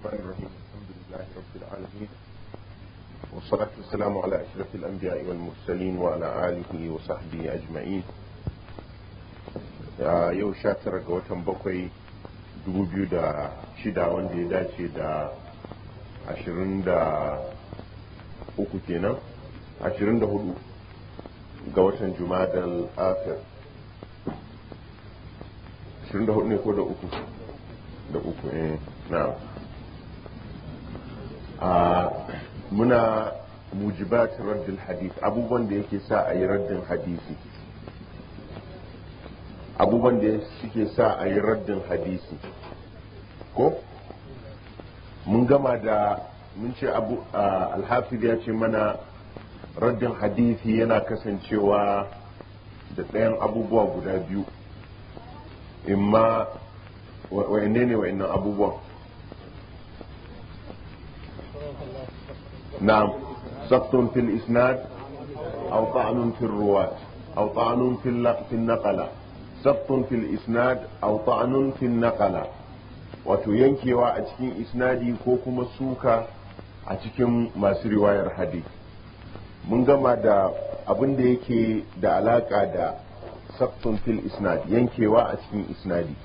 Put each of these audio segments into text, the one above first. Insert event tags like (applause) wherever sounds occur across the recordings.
الرحمن الرحيم الحمد لله رب العالمين والصلاة والسلام على أشرف الأنبياء والمرسلين وعلى آله وصحبه أجمعين yau sha tara ga watan bakwai dubu biyu da shida wanda ya dace da ashirin da uku kenan ashirin da hudu ga watan jumadal afir ashirin da ne ko da uku da uku eh muna mujibat raddul hadith abubuwan da yake sa a yi raddin hadisi abubuwan da suke sa a yi raddin hadisi ko mun gama da mun ce abu alhafiz ya ce mana raddin hadisi yana kasancewa da ɗayan abubuwa guda biyu imma wa'ine ne wa'innan abubuwan نعم سقط في الإسناد أو طعن في الرواة أو طعن في النقلة سقط wato yankewa a cikin isnadi ko kuma suka a cikin masu riwayar hadi mun gama da abin da yake da alaka da saktun fil isnad yankewa a cikin isnadi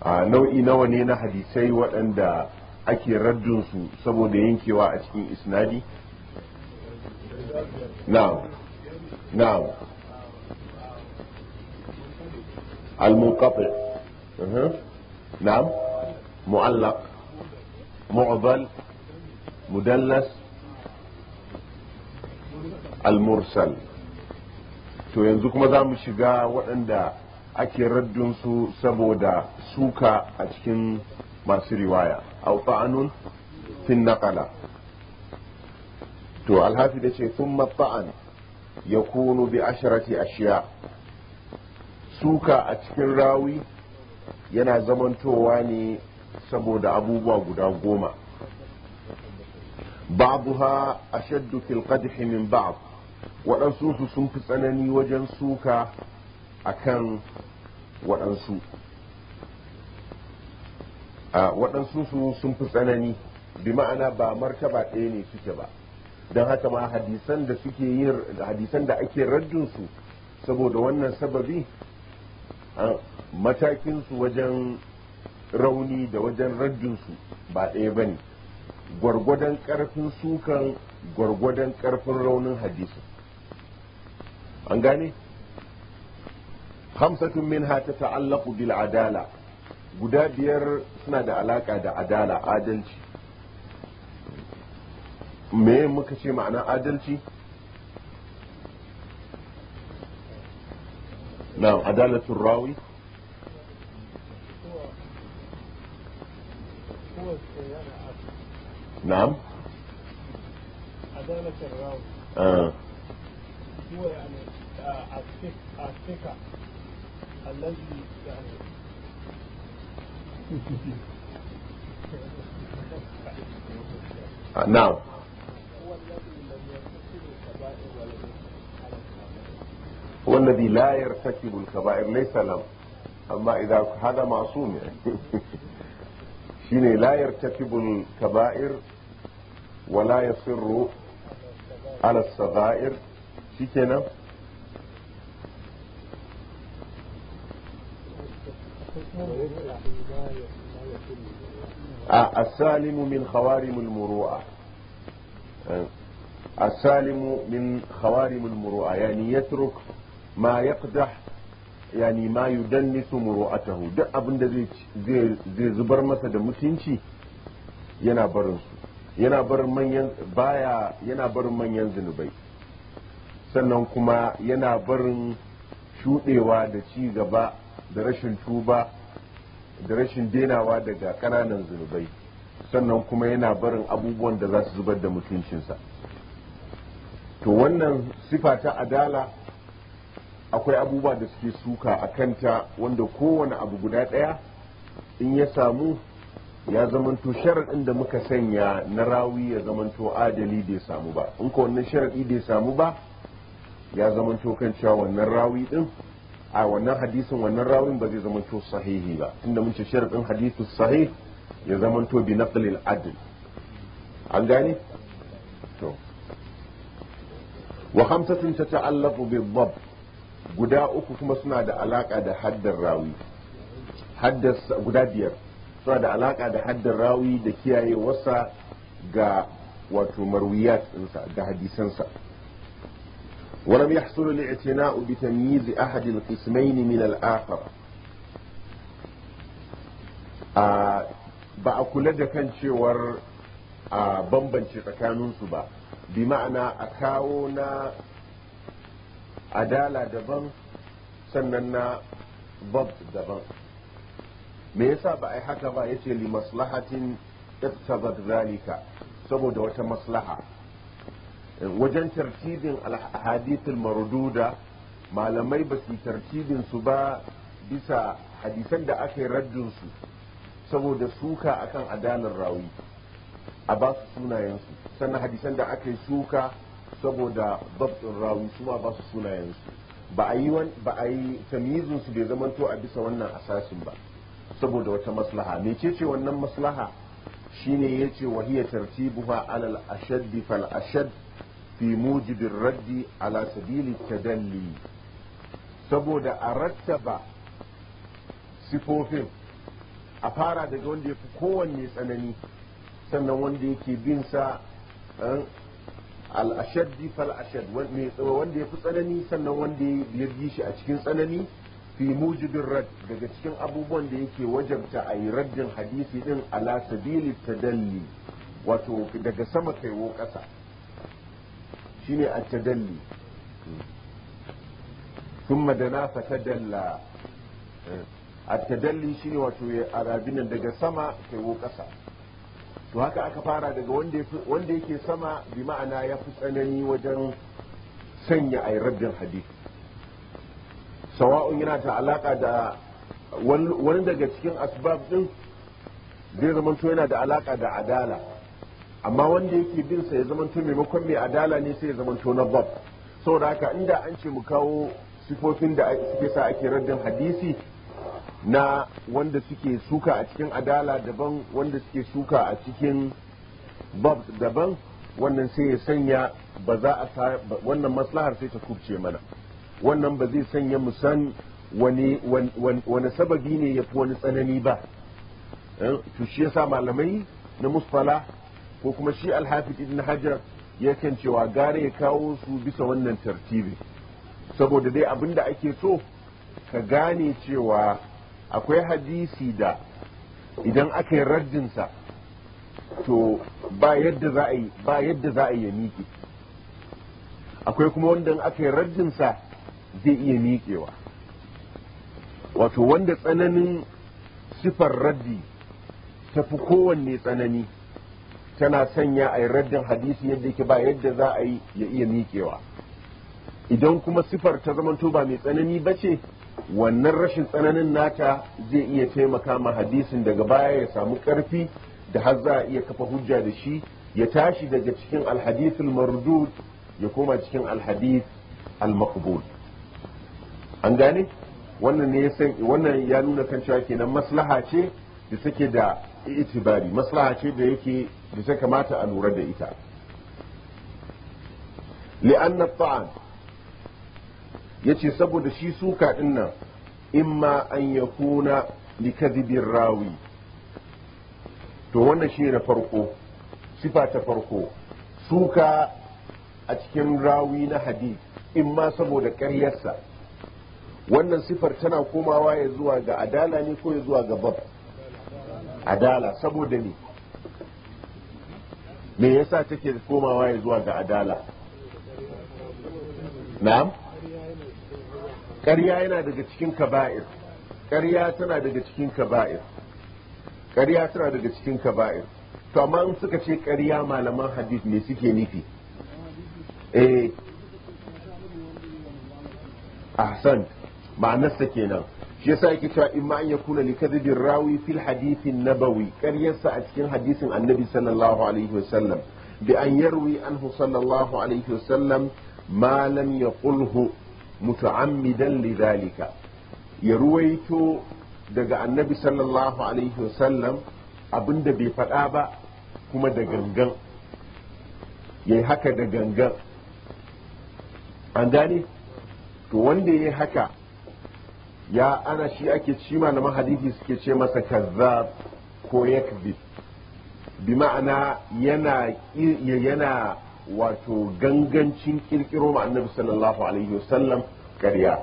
a nau'i nawa ne na hadisai waɗanda ake su saboda yankewa a cikin isnadi na'am na'am المنقطع na'am mu'allaq mu'dhal mudallas al-mursal to yanzu kuma za mu shiga waɗanda ake su saboda suka a cikin masu riwaya أو طعن في النقلة تو الحافظ شيء ثم الطعن يكون بعشرة أشياء سوكا أتكن راوي ينا زمن تواني سبود أبوبا قدا قوما بعضها أشد في القدح من بعض waɗansu su sun fi tsanani wajen suka waɗansu su sun fi tsanani bi ma'ana ba martaba ɗaya ne suke ba don haka ma hadisan da suke yin hadisan da ake raddin su saboda wannan sababi matakin su wajen rauni da wajen raddin su ba ɗaya ba ne gwargwadon ƙarfin sukan gwargwadon ƙarfin raunin hadisi an gane hamsatun min ta ta'allaku bil adala guda biyar suna da alaka da adala adalci me muka ce ma'ana adalci na adalatun rawi نعم adalatun rawi هو يعني الثقة الذي يعني نعم هو الذي لا يرتكب الكبائر ليس له أما إذا هذا معصوم يعني (laughs) شيني لا يرتكب الكبائر ولا يصر على الصغائر شي كده السالم من خوارم المروءة السالم من خوارم المروءة يعني يترك ما يقدح yani ma yudannisu muru'atahu duk abin da zai zubar masa da mutunci yana barin yana barin manyan baya yana barin manyan zunubai sannan kuma yana barin shudewa da ci gaba da rashin tuba da rashin denawa daga ƙananan zunubai sannan kuma yana barin abubuwan da za su zubar da mutuncinsa to wannan sifa ta adala akwai abubuwa da suke suka a kanta wanda kowane abu guda ɗaya in ya samu ya zamanto sharaɗin da muka sanya na rawi ya zamanto adali bai samu ba in ka wannan sharaɗi bai samu ba ya zamanto kan cewa wannan rawi ɗin a wannan hadisin wannan rawin ba zai zamanto sahihi ba tunda mun ce sharadin hadisi sahih ya zamanto bi naqlil adl an gane to wa khamsatun tata'allaqu bi dhab guda uku kuma suna da alaka da haddar rawi haddar guda biyar suna da alaka da haddar rawi da kiyaye wasa ga wato marwiyat ɗinsa da hadisansa ولم يحصل الاعتناء بتمييز أحد القسمين من الآخر ba a kula da kan cewar a bambance tsakaninsu ba bi ma'ana a kawo na adala daban sannan na bab daban me yasa ba a yi haka ba yace li maslahatin iktabat zalika saboda wata maslaha wajen tartibin alhadithul marduda malamai ba su tartibin su ba bisa hadisan da aka yi raddin saboda suka akan adalar rawi a ba su sunayensu sannan hadisan da aka yi suka saboda babtsin rawi su ma ba su sunayensu ba a yi ba a su bai zamanto a bisa wannan asasin ba saboda wata maslaha mecece wannan maslaha shine yace wahiya tartibuha alal ashad fal ashaddi fi mujibin raddi ala sabili tadalli saboda a rattaba sifofin a fara daga wanda ya fi kowanne tsanani sannan wanda yake bin sa eh, al'ashaddi fal'ashad wanda ya fi tsanani sannan wanda ya yi shi a cikin tsanani fi mujibin rad daga cikin abubuwan da yake wajabta a yi raddin hadisi din ala sabili tadalli wato daga sama kaiwo ƙasa shine a tadalli thumma dana tadalla a tadalli shine wato ya arabin daga sama kai wo kasa to haka aka fara daga wanda wanda yake sama bi ma'ana ya fi tsanani wajen sanya ayi rabbin hadith sawa'un yana ta alaka da wani daga cikin asbab din zai zamanto yana da alaka da adala amma wanda yake bin sa ya zamanto maimakon mai adala ne sai ya zamanto na bab saboda haka inda an ce mu kawo sifofin da suke sa ake raddin hadisi na wanda suke suka a cikin adala daban wanda suke suka a cikin bab daban wannan sai ya sanya ba za a wannan maslahar sai ta kubce mana wannan ba zai sanya mu san wani sababi ne ya fi wani tsanani ba eh, to shi yasa malamai na musfala ko kuma shi alhafiz ibn hajar ya kan cewa gare ya kawo su bisa wannan tartibi saboda dai abin da ake so ka gane cewa akwai hadisi da idan aka yi rajinsa to ba yadda za a yi miƙe akwai kuma wanda aka yi rajinsa zai iya miƙewa wato wanda tsananin sifar raddi ta fi kowanne tsanani tana sanya a yi raddin hadisi yadda yake ba yadda za a yi ya iya miƙewa idan kuma sifar ta zamanto ba mai tsanani ba ce wannan rashin tsananin nata zai iya taimaka ma hadisin daga baya ya samu ƙarfi da har za a iya kafa hujja da shi ya tashi daga cikin alhadisul mardud ya koma cikin alhadis al-maqbul an gane wannan ne ya wannan ya nuna kan cewa kenan maslaha ce da suke da itibari maslaha ce da yake da ta kamata a lura da ita li'anna ta'an yace saboda shi suka din nan imma an yakuna likadhibir rawi to wannan shi na farko sifa ta farko suka a cikin rawi na hadith imma saboda ƙaryarsa wannan sifar tana komawa ya zuwa ga adala ne ko ya zuwa ga bab adala saboda ne me yasa take komawa ya zuwa ga adala na'am ƙarya yana daga cikin kaba'ir ƙarya tana daga cikin kaba'ir ƙarya tana daga cikin kaba'ir to amma in suka ce ƙarya malaman hadith ne suke nufi eh ahsan ma'anarsa kenan shi yasa yake cewa in ma an yakuna li kadhibir rawi fil hadith nabawi karyarsa a cikin hadisin annabi sallallahu alaihi wasallam bi an yarwi anhu sallallahu alaihi wasallam ma lam yaqulhu muta'ammidan lidhalika ya ruwaito daga annabi sallallahu alaihi wasallam abinda bai faɗa ba kuma da gangan yayi haka da gangan an gane to wanda yayi haka ya ana shi ake ci na hadisi suke ce masa kaza ko yakbi bi ma'ana yana yana wato gangancin kirkiro ma annabi sallallahu alaihi wasallam ƙarya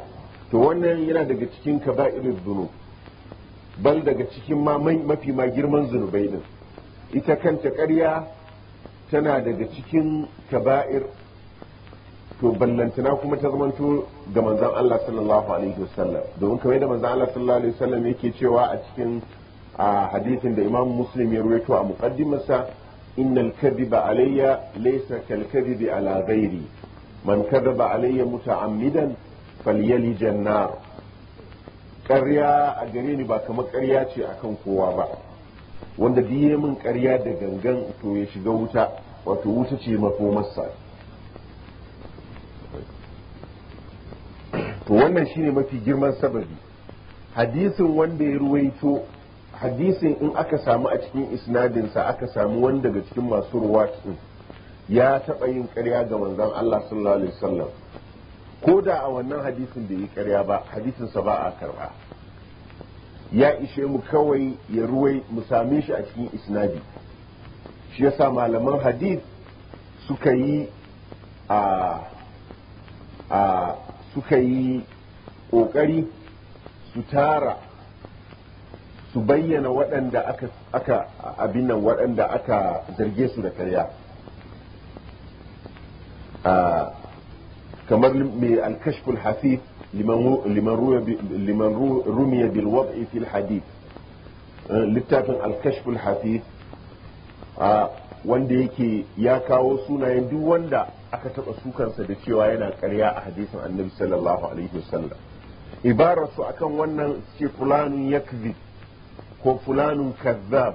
to wannan yana daga cikin kaba'irul dhunub bal daga cikin ma mafi ma girman zunubai din ita kanta ƙarya tana daga cikin kaba'ir to ballantana kuma ta zamanto ga manzon Allah sallallahu alaihi wasallam domin kamar da manzon Allah sallallahu alaihi wasallam yake cewa a cikin hadisin da Imam Muslim ya ruwaito a muqaddimarsa innal kadhiba alayya laysa kal kadhibi ala ghairi man kadhaba alayya muta'ammidan falyali jannar janna. ƙarya a gare ni ba kamar ƙarya ce akan kowa ba wanda biye min ƙarya da gangan to ya shiga wuta wato wuta ce makomarsa to wannan shine mafi girman sababi hadisin wanda ya ruwaito hadisin in aka samu a cikin isnadinsa aka samu wani daga cikin masu ruwatin ya taɓa yin karya ga manzon Allah sallallahu alaihi wasallam ko da a wannan hadisin bai yi karya ba hadisinsa ba a karɓa ya ishe mu kawai ya ruwai mu same shi a cikin isnadi shi yasa malaman hadis suka yi a suka yi ƙoƙari su tara su bayyana waɗanda aka aka abin nan waɗanda aka zarge su da karya kamar mai alkashful hafiz liman rumiya fil hadith littafin alkashful hafiz wanda yake ya kawo sunayen duk wanda aka taɓa sukansa da cewa yana ƙarya a hadisin annabi sallallahu alaihi wasallam ibarar su akan wannan ce fulanun yakzi ko fulanun kazzab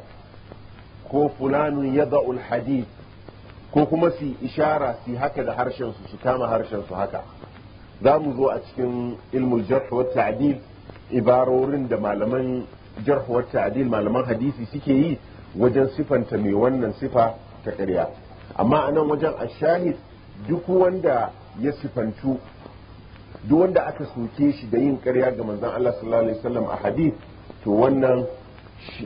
ko fulanun yada'ul hadith ko kuma su ishara su haka da harshen su su kama harshen su haka za mu zo a cikin ilmul jarh wa ta'dil ibarorin da malaman jarh wa ta'dil malaman hadisi suke yi wajen sifanta mai wannan sifa ta ƙarya amma a nan wajen ashahid duk wanda ya sifantu duk wanda aka soke shi da yin ƙarya ga manzan Allah sallallahu alaihi wasallam a hadith to wannan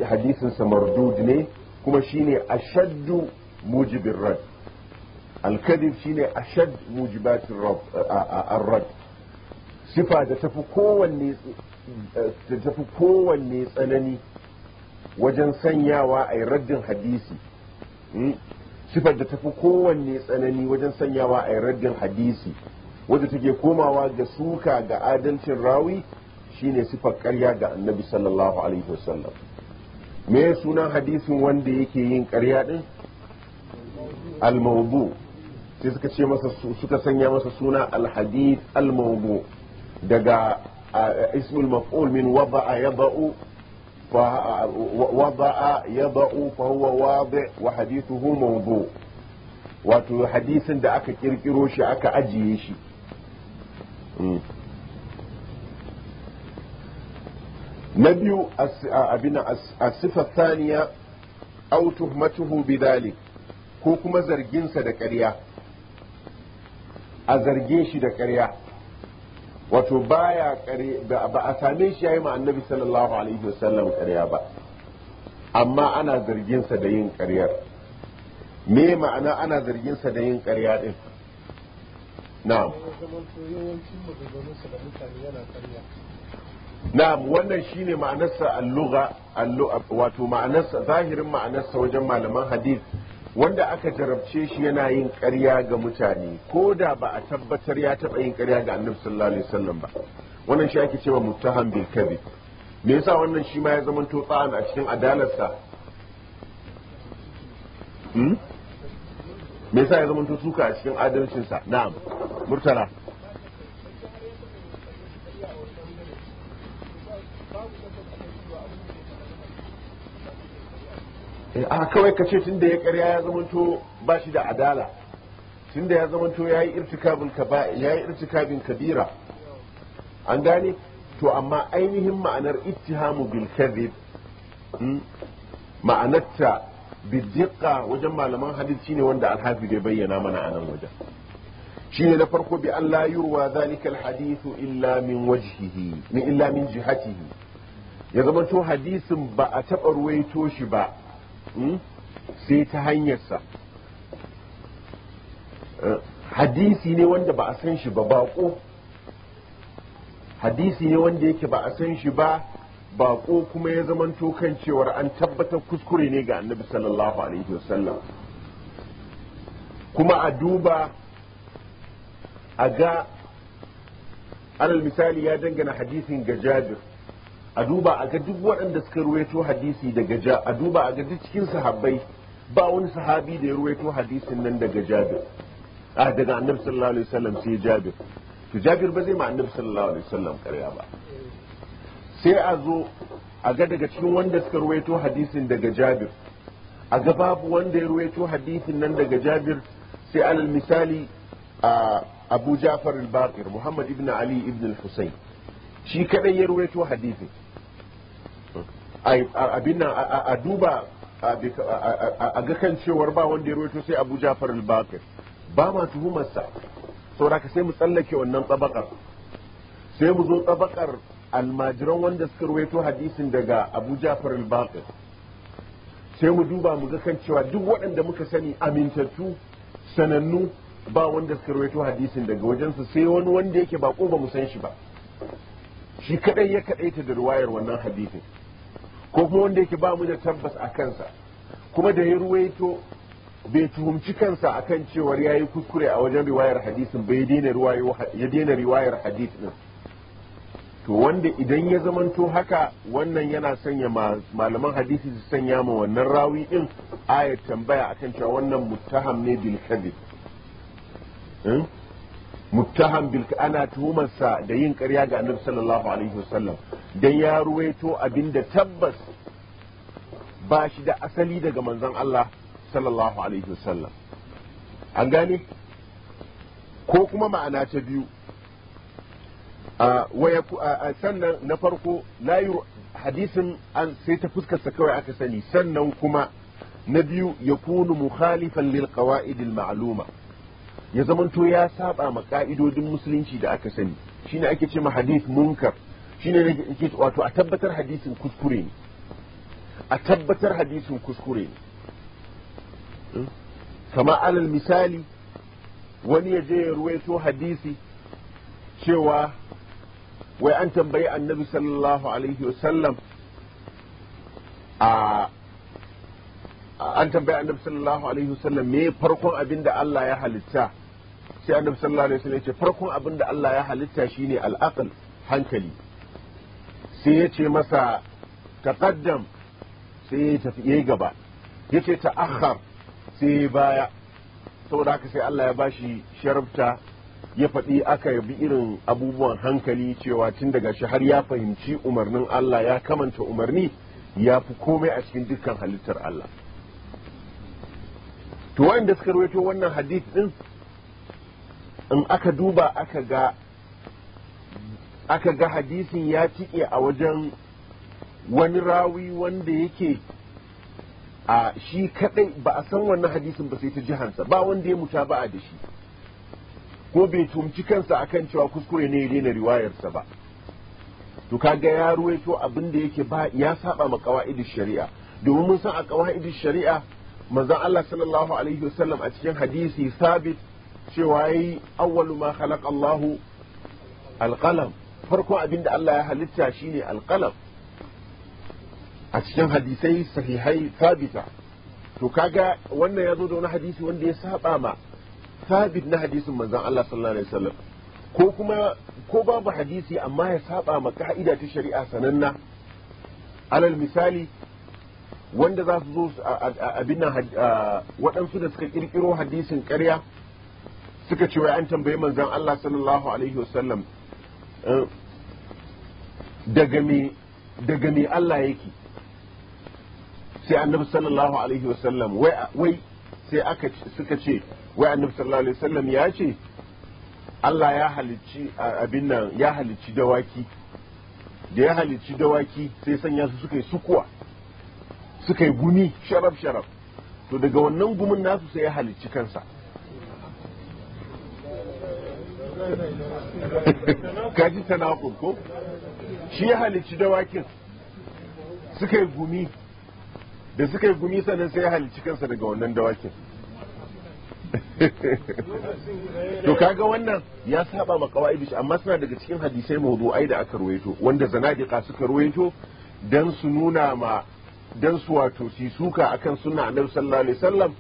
hadisin sa mardud ne kuma shine ashaddu mujibir rad al-kadhib shine ashadd mujibatir rad sifa da tafi kowanne kowanne tsanani wajen sanyawa a yi raddin hadisi hmm? sifar da tafi kowanne tsanani wajen sanyawa a raddin hadisi wadda take komawa ga suka ga adalcin rawi shine sifar karya ga annabi sallallahu alaihi wasallam me sunan hadisin wanda yake yin karya din almawdu sai suka ce masa suka sanya masa suna al almawdu daga ismul maf'ul min wada'a yada'u وضع يضع فهو واضع وحديثه موضوع wato hadisin da aka kirkiro shi aka ajiye shi na biyu abin asifa saniya au tuhmatuhu ko kuma zarginsa da karya a zarge shi da ƙarya wato baya kare ba a same shi yayi ma annabi sallallahu alaihi wasallam karya ba amma ana zargin sa da yin karyar me ma'ana ana zargin sa da yin karya din na'am na'am wannan shine ma'anarsa al-lugha wato ma'anarsa zahirin ma'anarsa wajen malaman hadith wanda aka jarabce shi yana yin ƙarya ga mutane ko da ba a tabbatar ya taɓa yin ƙarya ga annabi sallallahu alaihi wasallam ba wannan shi ake cewa muttaham bil kadhib me yasa wannan shi ma ya zama to tsa'an a cikin adalarsa hmm? me yasa ya zama to suka a cikin adalcinsa na'am murtala Eh, a kawai ka ce da ya karya ya zamanto ba shi da adala tun da ya zamanto ya yi irtikabin kabira an gane to amma ainihin ma'anar ittihamu bil kadhib hmm, ma'anarta bidiqa wajen malaman hadith shine wanda alhafi bai bayyana mana a nan wajen shine na farko bi an la yurwa zalika alhadith illa min wajhihi min illa min jihatihi ya zama hadisin ba a taɓa ruwaito shi ba Hmm? sai ta hanyarsa eh, hadisi ne wanda ba a san shi ba bako hadisi ne wanda yake ba a san shi ba bako kuma ya zamanto kan cewar an tabbatar kuskure ne ga annabi sallallahu alaihi wasallam kuma a duba a ga alal misali ya dangana hadisin ga jabir a duba a ga duk waɗanda suka ruwaito hadisi daga ja a duba a ga duk cikin sahabbai ba wani sahabi da ya ruwaito hadisin nan daga jabir a ah, daga annabi sallallahu alaihi wasallam sai jabir to jabir ba zai ma annabi sallallahu alaihi wasallam ƙarya ba sai a zo a ga daga cikin wanda suka ruwaito hadisin daga jabir a ga babu wanda ya ruwaito hadisin nan daga jabir sai alal misali a abu ja'far al-baqir muhammad ibn ali ibn al-husayn shi kadai ya ruwaito hadisin abin nan a duba a ga kan cewar ba wanda ya roto sai abu jafar al-bakir ba ma tuhumarsa saboda sai mu tsallake wannan tsabakar sai mu zo tsabakar almajiran wanda suka rawaito hadisin daga abu jafar al-bakir sai mu duba mu ga kan cewa duk waɗanda muka sani amintattu sanannu ba wanda suka rawaito hadisin daga wajensu sai wani wanda yake bako ba mu san shi ba shi kadai ya kadaita da ruwayar wannan hadisin ko kuma wanda yake ba mu da tabbas a kansa kuma da ya ruwaito bai tuhumci kansa akan cewar ya yi kuskure a wajen riwayar hadisin bai ya daina riwayar hadis din to wanda idan ya zamanto haka wannan yana sanya malaman hadisi su sanya ma wannan rawi din ayat tambaya akan cewa wannan muttaham ne bil muttaham bil ana tuhumarsa da yin ƙarya ga annabi sallallahu alaihi wasallam dan ya ruwaito abinda tabbas ba shi da asali daga manzon Allah sallallahu alaihi wasallam an gane ko kuma ma'ana ta biyu sannan na farko layu hadisin an sai ta fuskarsa kawai aka sani sannan kuma na biyu ya kunu mukhalifan lil qawaid ma'luma ya zamanto ya saba ma ka'idodin musulunci da aka sani shine ake ce ma hadith munkar shine ne yake wato a tabbatar hadisin kuskure ne a tabbatar hadisin kuskure ne kama alal misali wani ya je ya ruwaito hadisi cewa wai an tambayi annabi sallallahu alaihi wasallam a an tambaya annabi sallallahu alaihi wasallam me farkon abin da Allah ya halitta sai annabi sallallahu alaihi wasallam ya ce farkon abin da Allah ya halitta shine al-aql hankali sai yace ce masa taqaddam sai ya tafi yayi gaba yace ta'akhkhar sai ya baya saboda haka sai Allah ya bashi sharafta ya faɗi aka bi irin abubuwan hankali cewa tun daga shi har ya fahimci umarnin Allah ya kamanta umarni ya fi komai a cikin dukkan halittar Allah to wanda suka rawaito wannan hadith din in aka duba aka ga aka ga hadisin ya tike a wajen wani rawi wanda yake a shi kadai ba a san wannan hadisin ba sai ta jihansa ba wanda ya muta ba da shi ko bai tumci kansa akan cewa kuskure ne ya daina riwayarsa ba to ga ya ruwaito abin da yake ba ya saba ma qawaidin shari'a domin mun san a qawaidin shari'a manzon Allah sallallahu alaihi wasallam a cikin hadisi sabit cewa yayi awwalu ma khalaqa Allahu alqalam farko abin da Allah ya halitta shine alqalam a cikin hadisai sahihai sabita to kaga wannan ya zo da wani hadisi wanda ya saba ma sabit na hadisin manzon Allah sallallahu alaihi wasallam ko kuma ko babu hadisi amma ya saba ma ka'ida ta shari'a sananna alal misali wanda za su zo abin nan waɗansu da suka ƙirƙiro hadisin ƙarya suka ce wai an tambayi manzon Allah sallallahu alaihi wasallam eh, daga me daga Allah yake sai annabi sallallahu alaihi wasallam wai wai sai aka suka ce wai annabi sallallahu alaihi wasallam ya ce Allah ya halicci abin nan ya halicci dawaki da ya halicci dawaki sai sanya su suka yi sukuwa suka yi gumi sharaf sharaf to daga wannan gumin nasu sai ya halicci kansa (laughs) kaji ta ko shi ya halicci dawakin suka yi gumi da suka yi gumi sannan sai ya halicci kansa daga wannan dawakin (laughs) to kaga wannan ya saba ma kawaidish amma suna daga cikin hadisai mawdu'ai da aka ruwaito wanda zanadiqa suka ruwaito dan su nuna ma dan su wato su suka akan sunna annabi sallallahu alaihi wasallam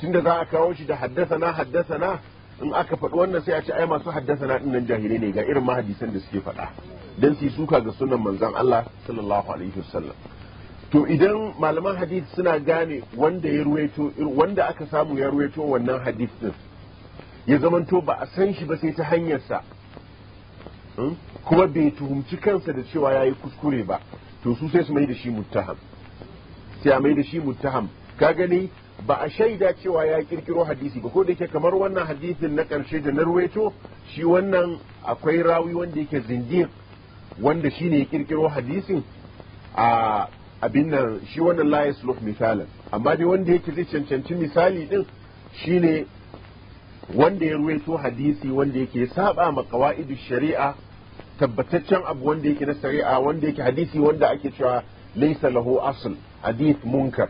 tunda za a kawo shi da haddasana haddasana in aka faɗi wannan sai a ce ai masu haddasana din nan jahilai ne ga irin mahadisan da suke faɗa dan su suka ga sunan manzon Allah sallallahu alaihi wasallam to idan malaman hadith suna gane wanda ya ruwaito wanda aka samu ya ruwaito wannan hadith din ya zamanto ba a san shi ba sai ta hanyarsa hmm? kuma bai tuhumci kansa da cewa ya yi kuskure ba to su sai su mai da shi muttaham sai a mai da shi muttaham ka gani ba a shaida cewa ya kirkiro hadisi ba ko da yake kamar wannan hadisin na karshe da na ruweto shi wannan akwai rawi wanda yake zindiq wanda shi ne ya kirkiro hadisin a abin nan shi wannan la yasluh misalan amma dai wanda yake zai cancanci misali din shine wanda ya ruwaito hadisi wanda yake saba ma qawaidish shari'a tabbataccen abu wanda yake na shari'a wanda yake hadisi wanda ake cewa laysa lahu asl hadith munkar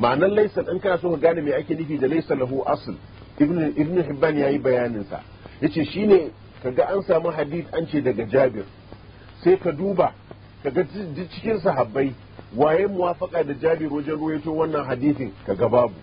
ma'anar laisa in kana so ka gane me ake nufi da laisan lahu asl ibn ibn hibban yayi bayanin sa yace shine kaga an samu hadith an ce daga jabir sai ka duba kaga cikin sahabbai waye muwafaka da jabir wajen ruwaito wannan hadithin kaga babu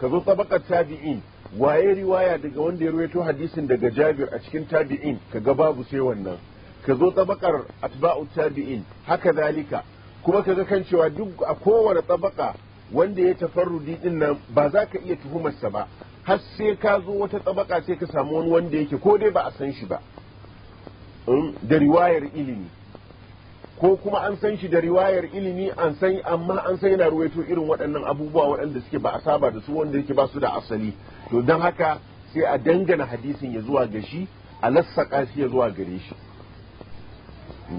ka zo tabi'in waye riwaya daga wanda ya ruwaito hadisin daga jabir a cikin tabi'in kaga babu sai wannan ka zo tabakar atba'u tabi'in haka zalika kuma ka ga kan cewa duk a kowane tabaka wanda ya tafarrudi din nan ba za ka iya tuhumarsa ba har sai ka zo wata tabaka sai ka samu wani wanda yake ko dai ba a san shi ba hmm, da riwayar ilimi ko kuma an san shi da riwayar ilimi an san amma an san yana ruwaito irin waɗannan abubuwa waɗanda suke ba a saba da su wanda yake ba su da asali to don haka sai a dangana hadisin ya zuwa ga shi a lassaka shi ya zuwa gare shi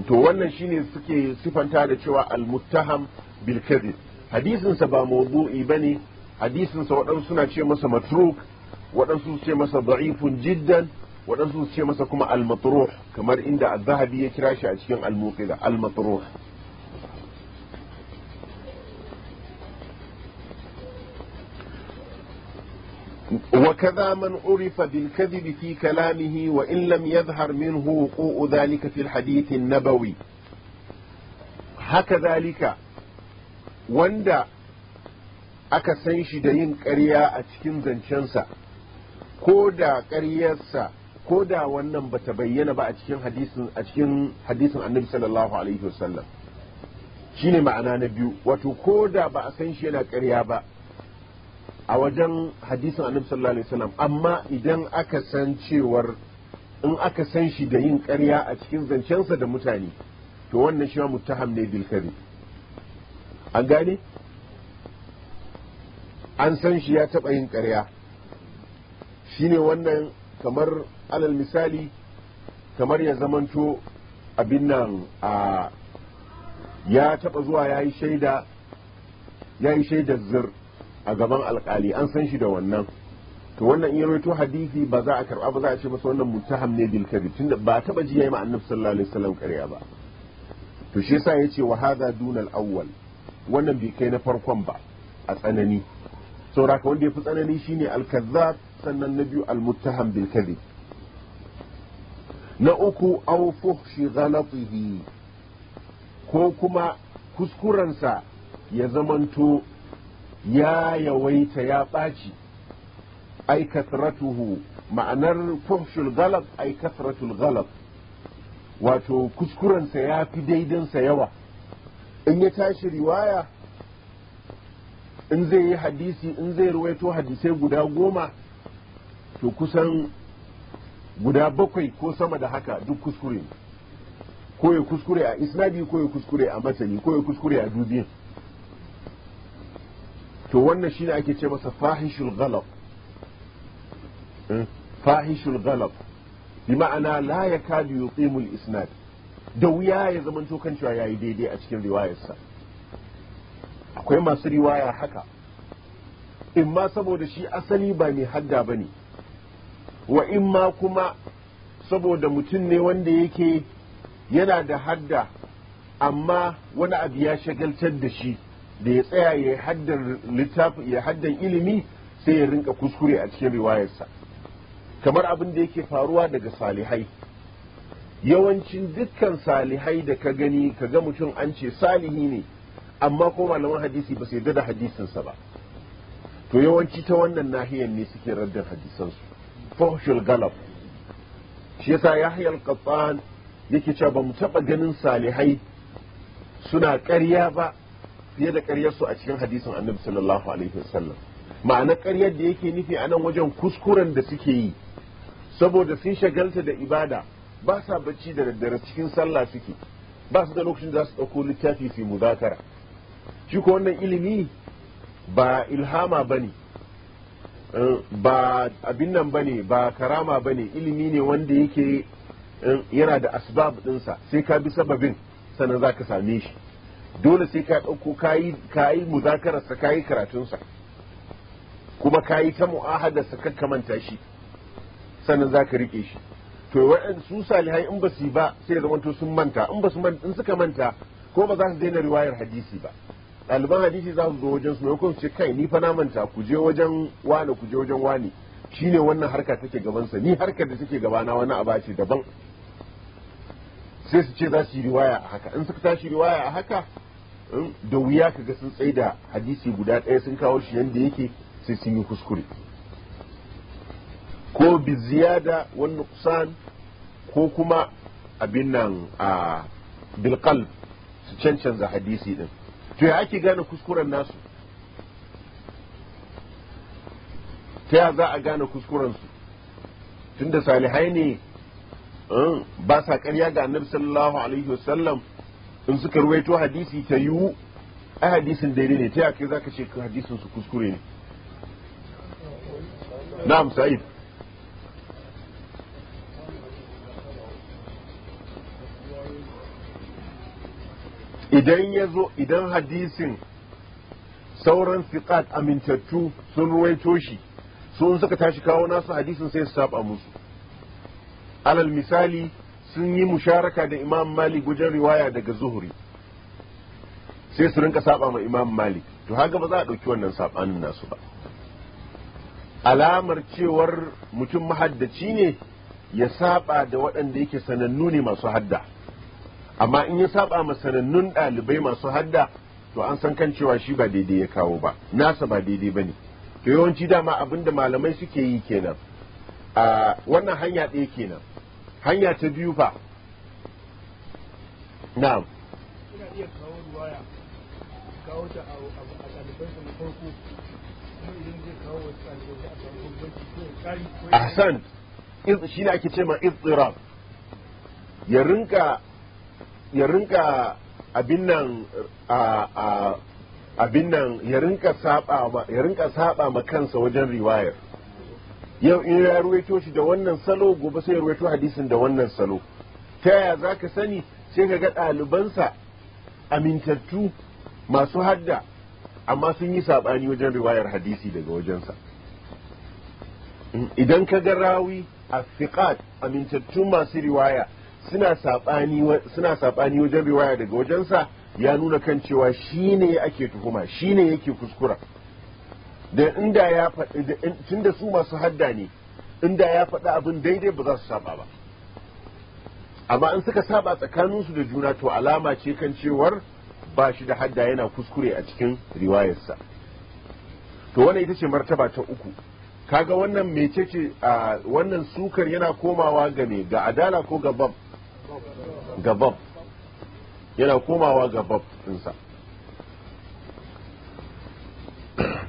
to wannan shine suke sifanta da cewa almuttaham bil kadhib hadisin sa ba mawdu'i bane hadisin sa waɗansu suna ce masa matruk waɗansu su ce masa da'ifun jiddan waɗansu su ce masa kuma al kamar inda az-zahabi ya kira shi a cikin al-muqida al-matruh وكذا من عرف بالكذب في كلامه وإن لم يظهر منه وقوء ذلك في الحديث النبوي هكذا هكذلك وندا أكسنش دين كريا أتكين زنشنسا كودا كريسا كودا ونن بتبين با أتكين حديث أتكين حديث عن النبي صلى الله عليه وسلم شيني معنى نبيو وتو كودا با أسنش ينا كريا با a wajen hadisin annabi sallallahu alaihi wasallam amma idan aka san cewar in aka san shi da yin ƙarya a cikin zancensa da mutane to wannan shi muttaham ne bil kadhib an gane an san shi ya taba yin ƙarya shine wannan kamar alal misali kamar ya zamanto abin nan a ya taɓa zuwa yayi shaida yayi shaidar a gaban alkali an san shi da wannan to wannan in rawaito hadisi ba za a karba ba za a ce masa wannan muttaham ne bil kadhib tunda ba taba ji yayi ma annabi sallallahu alaihi wasallam ƙarya ba to shi yasa yace wa hadha dunal awwal wannan bai kai na farkon ba a tsanani saboda wanda ya fi tsanani shine al sannan na biyu almuttaham muttaham bil kadhib na uku aw fuhshi ghalatihi ko kuma kuskurensa ya zamanto ya yawaita ya ɓaci ai kasratuhu ma'anar fuhshul galab ai kasratul galab wato kuskurensa ya fi daidansa yawa in ya tashi riwaya in zai yi hadisi in zai ruwaito hadisai guda goma to kusan guda bakwai ko sama da haka duk kuskure ko ya kuskure a isnadi ko ya kuskure a matani ko ya kuskure a dubiyan to wannan shine ake ce masa fahishul ghalab hmm? fahishul ghalab bi ma'ana la yakadu yuqimul isnad da wuya ya zama kan cewa yayi daidai a cikin riwayarsa akwai masu riwaya haka in ma saboda shi asali ba mai hadda bane wa in ma kuma saboda mutum ne wanda yake yana da hadda amma wani abu ya shagaltar da shi da ya tsaya ya haddan littafi ya haddan ilimi sai ya rinka kuskure a cikin riwayarsa kamar abin da yake faruwa daga salihai yawancin dukkan salihai da ka gani ka ga mutum an ce salihi ne amma ko malaman hadisi ba sai da hadisinsa ba to yawanci ta wannan nahiyar ne suke raddar hadisansu fahushul galab shi yasa ya hayar qattan yake cewa ba mu taba ganin salihai suna ƙarya ba fiye da su a cikin hadisin annabi sallallahu alaihi wasallam ma'ana ƙaryar da yake nufi a nan wajen kuskuren da suke yi saboda sun shagalta da ibada ba sa bacci da daddare cikin sallah suke ba su da lokacin za su ɗauko littafi su muzakara shi ko wannan ilimi ba ilhama ba ne eh, ba abin nan ba ne ba karama ba ne ilimi ne wanda yake eh, yana da asbab ɗinsa sai ka bi sababin sannan za ka same shi dole sai ka ɗauko ka yi muzakararsa ka yi karatunsa kuma ka yi ta mu'ahadarsa ka manta shi sannan za ka riƙe shi to wa'in su salihai in ba su ba sai da zamanto sun manta in ba su in suka manta ko ba za su daina riwayar hadisi ba ɗaliban hadisi za su zo wajen su maimakon ce kai ni fa na manta ku je wajen wane ku je wajen wane shine wannan harka take gabansa ni harkar da take gabana wani a ce daban sai su ce za su yi riwaya a haka in suka tashi riwaya a haka da wuya ka ga sun tsaye da hadisi guda ɗaya sun kawo shi yadda yake sai sun yi kuskure ko bi ziyada wani kusan ko kuma abin nan a bilkal su cancanza hadisi ɗin to ya ake gane kuskuren nasu ta ya za a gane kuskurensu tunda salihai ne eh, ba sa karya ga annabi sallallahu alaihi wasallam in suka ruwaito hadisi ta yiwu a hadisin daidai ne ta yake za ka ce hadisin su kuskure ne na'am sa'id idan ya zo idan hadisin sauran fiqat amintattu sun ruwaito shi sun suka tashi kawo nasu hadisin sai su saba musu alal misali sun yi musharaka da imam malik wajen riwaya daga zuhuri sai su rinka saba ma imam malik to haka ba za a ɗauki wannan sabanin nasu ba alamar cewar mutum mahaddaci ne ya saba da waɗanda yake sanannu ne masu hadda amma in ya saba ma sanannun ɗalibai masu hadda to an san kan cewa shi ba daidai ya kawo ba nasa ba daidai ba ne to yawanci dama abinda malamai suke yi kenan a wannan hanya ɗaya kenan hanya ta biyu fa na'am ina iya kawo ruwaya kawo ta a ɗalibansa na farko ko zai kawo wasu a farko ahsan shi ne ake ce ma izirab ya ya rinka abin nan abin nan ya rinka saba ma kansa wajen riwayar yau in ya ruwaito shi da wannan salo gobe sai ya ruwaito hadisin da wannan salo ta yaya za ka sani sai ka ga ɗalibansa amintattu masu hadda amma sun yi saɓani wajen riwayar hadisi daga wajensa idan ka ga rawi a fiƙat amintattu masu riwaya suna saɓani wajen riwaya daga wajensa ya nuna kan cewa shi ne ake tuhuma shi ne yake kuskura da inda ya faɗi tun da su masu hadda ne inda ya faɗi abin daidai ba za su saba ba amma in suka saba tsakaninsu da juna to alama ce kan cewar ba shi da hadda yana kuskure a cikin riwayarsa to wannan ita ce martaba ta uku kaga wannan ce a wannan sukar yana komawa ga ne ga adala ko ga bab yana komawa ga bab ɗinsa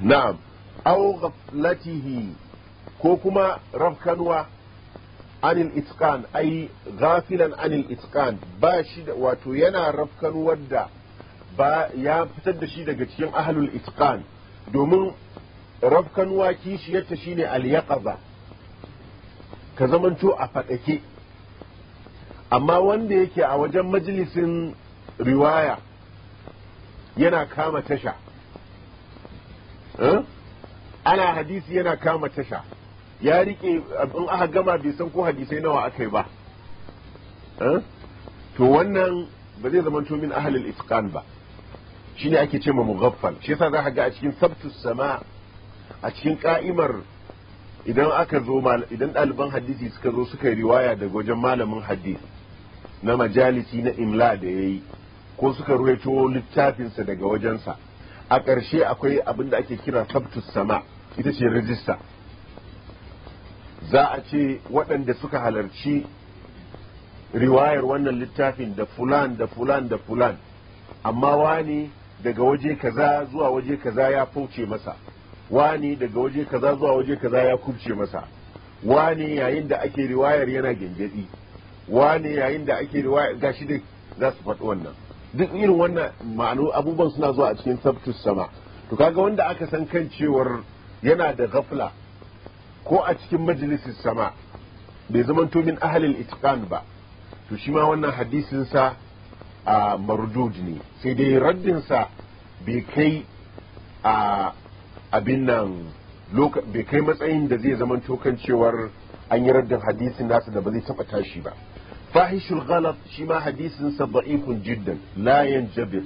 (coughs) na'am aw ghaflatihi ko kuma rafkanuwa anil itqan ai ghafilan anil itqan ba da wato yana rafkanuwar da ba ya fitar da shi daga cikin ahlul itqan domin rafkanuwa kishiyarta shine al yaqaza ka zamanto a faɗake. amma wanda yake a wajen majalisin riwaya yana kama tasha eh? ana hadisi yana kama tasha ya rike in aka gama bai san ko hadisai nawa aka yi ba eh? to wannan ba zai zama min ahalil itqan ba shine ake ce ma mughaffal shi yasa za ga a cikin sabtus sama a cikin ka'imar idan aka zo idan ɗaliban hadisi suka zo suka yi riwaya daga wajen malamin hadisi na majalisi na imla da yayi ko suka ruwaito littafinsa daga wajensa a ƙarshe akwai abin da ake kira sabtus sama ita ce rijista za a ce waɗanda suka halarci riwayar wannan littafin da fulan da fulan da fulan amma wani daga waje kaza zuwa waje kaza ya fauce masa wani daga waje kaza zuwa waje kaza ya kubce masa wani yayin da ake riwayar yana gengedi wani yayin da ake riwayar gashi dai za su faɗi wannan duk irin wannan ma'anu abubuwan suna zuwa a cikin sabtus sama to kaga wanda aka san kan cewar yana da gafla ko a cikin majalisar sama bai zama tomin ahalil itikan ba to shi ma wannan hadisinsa sa a mardud ne sai dai raddin bai kai a abin nan bai kai matsayin da zai zamanto kan cewar an yi raddin hadisin nasa da ba zai taba tashi ba فاحش الغلط شما حديث ضعيف جدا لا ينجبر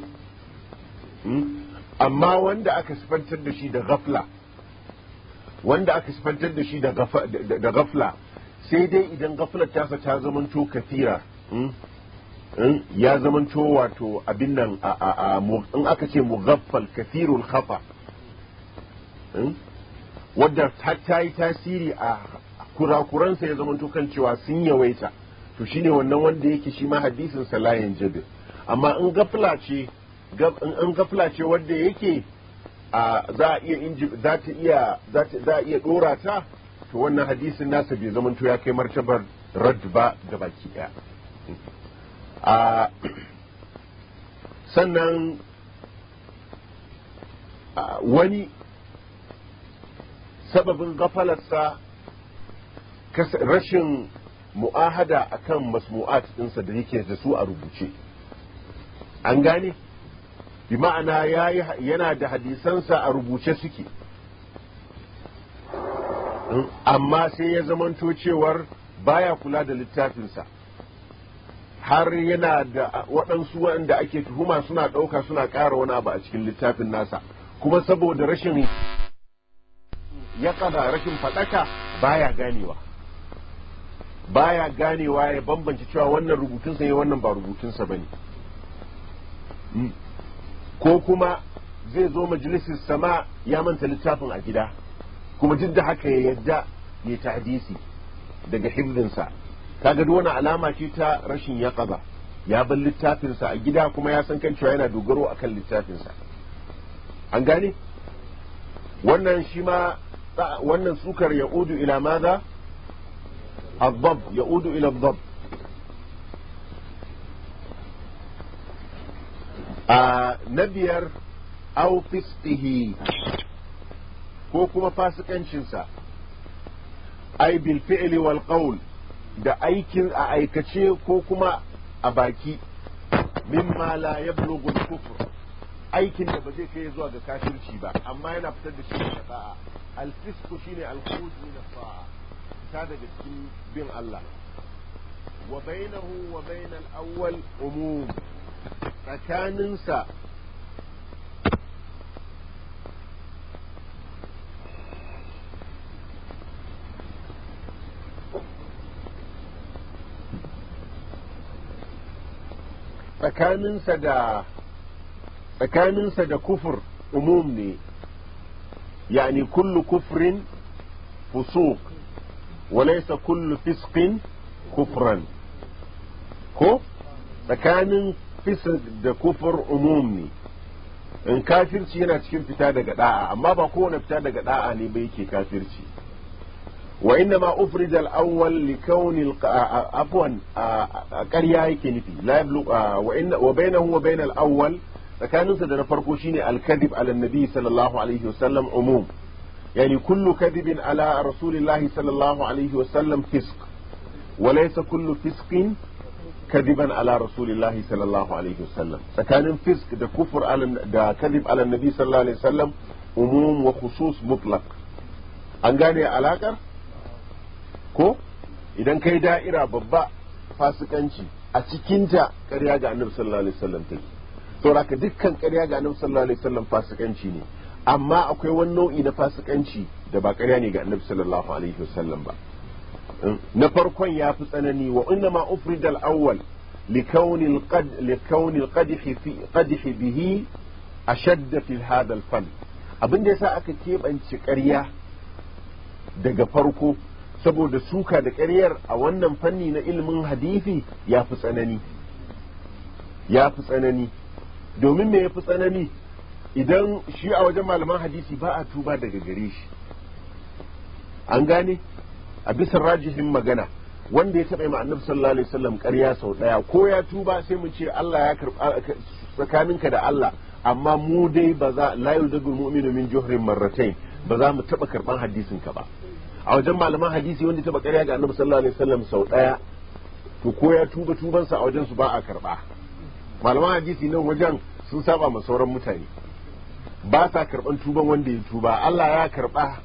amma wanda aka sifantar da shi da gafla wanda aka sifantar da shi da gafla sai dai idan gaflar tasa ta zamanto kafira ya zamanto wato abin nan in aka ce mu gaffal kafirul khafa wadda ta yi tasiri a kurakuransa ya zamanto kan cewa sun yawaita to shine wannan wanda yake shi ma hadisin sa layin jabe amma in gafla ce in gafla wanda yake za a iya inji za ta iya za iya dora ta to wannan hadisin nasa bai zama to ya kai martabar radd ba ga baki daya a sannan wani sababin gafalarsa rashin mu'ahada akan masmu'at ɗinsa da yake da su a rubuce an gane bi ma'ana yana da hadisansa a rubuce suke hmm? amma sai ya zamanto cewar baya kula da littafinsa har yana da waɗansu wanda ake tuhuma suna ɗauka suna ƙara wani abu a cikin littafin nasa kuma saboda rashin ya rashin faɗaka baya ganewa baya ganewa ya bambance cewa wannan rubutunsa ne wannan ba rubutunsa ba ne hmm. ko kuma zai zo majalisar sama ya manta littafin a gida kuma duk haka ya yadda ya ta hadisi daga hibzinsa kaga duk wani alama ce ta rashin yaƙaba ya bar littafinsa a gida kuma ya san kan cewa yana dogaro akan littafinsa an gane wannan shi ma wannan sukar ya udu ila maza الضب يعود إلى الضب نبير أو فسقه ko kuma fasikancinsa ai bil fi'li wal da aikin a aikace ko kuma a baki mimma la yablughu al aikin da ba zai kai zuwa ga kafirci ba amma yana fitar da shi daga sa'a al fisqu shine al khuruj min as-sa'a fita daga cikin bin Allah wa bainahu wa bainal awwal umum tsakaninsa tsakaninsa da tsakaninsa da kufur umum ne yani kullu kufrin fusuk walaysa kullu fisqin kufran ko tsakanin fisq da kufur umum ne in kafirci yana cikin fita daga da'a amma ba kowane fita daga da'a ne ba yake kafirci wa inna ma ufrij al-awwal kauni afwan yake nufi la yablu wa inna wa bainahu awwal tsakaninsa da na farko shine al-kadhib ala sallallahu alaihi يعني كل كذب على رسول الله صلى الله عليه وسلم فسق وليس كل فسق كذبا على رسول الله صلى الله عليه وسلم فكان فسق ده كفر على ده كذب على النبي صلى الله عليه وسلم عموم وخصوص مطلق an gane alaƙar ko idan kai da'ira babba fasikanci a cikinta ƙarya ga annabi sallallahu alaihi wasallam take saboda dukkan ƙarya ga annabi sallallahu alaihi wasallam fasikanci ne amma akwai wani nau'i na fasikanci da ba ƙarya ne ga annabi sallallahu alaihi wasallam ba hmm? na farkon ya fi tsanani wa inna ma ufrid al-awwal kauni al-qadhi bihi ashadd fi hadha al-fan abin da yasa aka keɓance ƙarya daga farko saboda suka da ƙaryar a wannan fanni na ilimin hadisi ya fi tsanani ya fi tsanani domin me ya fi tsanani idan shi a wajen malaman hadisi ba a tuba daga gare shi an gane a bisa rajihin magana wanda ya taɓa annabi sallallahu alaihi wasallam ƙarya sau ɗaya ko ya tuba sai mu ce Allah ya karɓa tsakaninka da Allah amma mu dai ba za la yuldagul mu'minu min juhrin marratayn ba za mu taɓa karɓan hadisin ka ba a wajen malaman hadisi wanda ya taɓa ƙarya ga annabi sallallahu alaihi wasallam sau ɗaya to ko ya tuba tubansa a wajen su ba a karɓa malaman hadisi nan wajen sun saba ma sauran mutane ba sa karɓar tuban wanda ya tuba Allah ya karɓa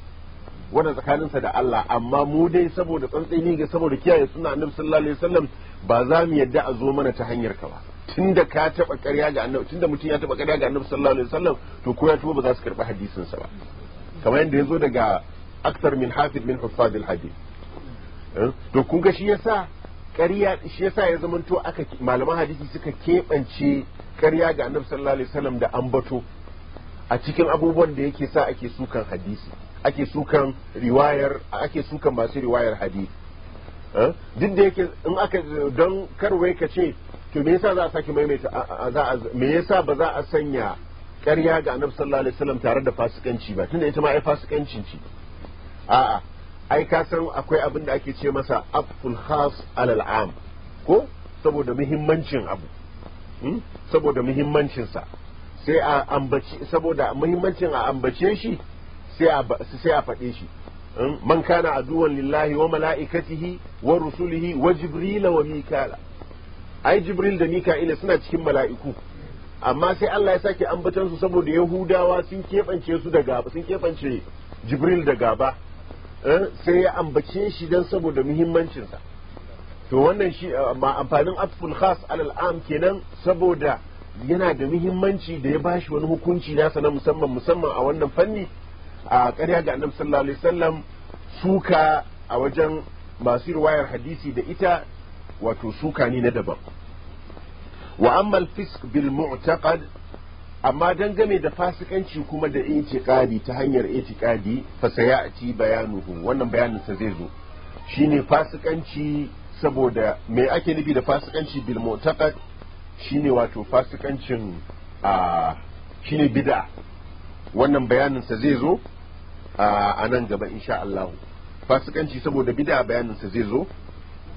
wanda tsakaninsa da Allah amma mu dai saboda tsantsini ga saboda kiyaye suna annabi sallallahu alaihi wasallam ba za mu yadda a zo mana ta hanyar ka ba tunda ka taba ƙarya ga annabi tunda mutum ya taba ƙarya ga annabi sallallahu alaihi wasallam to ko ya tuba ba za su karɓi hadisin sa ba kamar yadda yazo daga akthar min hafid min huffaz al eh? to kun ga shi yasa ƙarya shi yasa ya to aka malaman hadisi suka keɓance ƙarya ga annabi sallallahu alaihi wasallam da ambato a cikin abubuwan da yake sa ake sukan hadisi ake sukan riwayar ake sukan masu riwayar hadisi eh? duk da yake in aka don karwai ka ce to me yasa za a sake maimaita za a me yasa ba za a sanya ƙarya ga annabi sallallahu alaihi wasallam tare da fasikanci ba tunda ita ma ai fasikanci ce a'a ai ka san akwai abin da ake ce masa aful khas alal am ko saboda muhimmancin abu hmm? saboda muhimmancin sa sai a ambaci saboda muhimmancin a ambace shi sai a faɗe shi hmm? man kana aduwan lillahi wa mala'ikatihi wa rusulihi wa jibrila wa mikala ai jibril da mika'ila suna cikin mala'iku amma sai Allah ya sake ambatan su saboda yahudawa sun kebance su da sun kebance jibril da gaba hmm? sai ya ambace shi dan saboda muhimmancinsa to wannan shi eh, amfanin atful khas alal kenan saboda yana da muhimmanci da ya bashi wani hukunci nasa na musamman musamman a wannan fanni a ƙarya ga annabi sallallahu alaihi wasallam suka a wajen masu riwayar hadisi da ita wato suka ne na daban wa ammal fisk bil mu'taqad amma dangane da fasikanci kuma da itiqadi ta hanyar itiqadi fa sayati bayanuhu wannan bayanin sa zai zo shine fasikanci saboda me ake nufi da fasikanci bil mu'taqad shine wato fasikancin a shine bid'a wannan bayaninsa zai zo a nan gaba insha Allah fasikanci saboda bid'a bayaninsa zai zo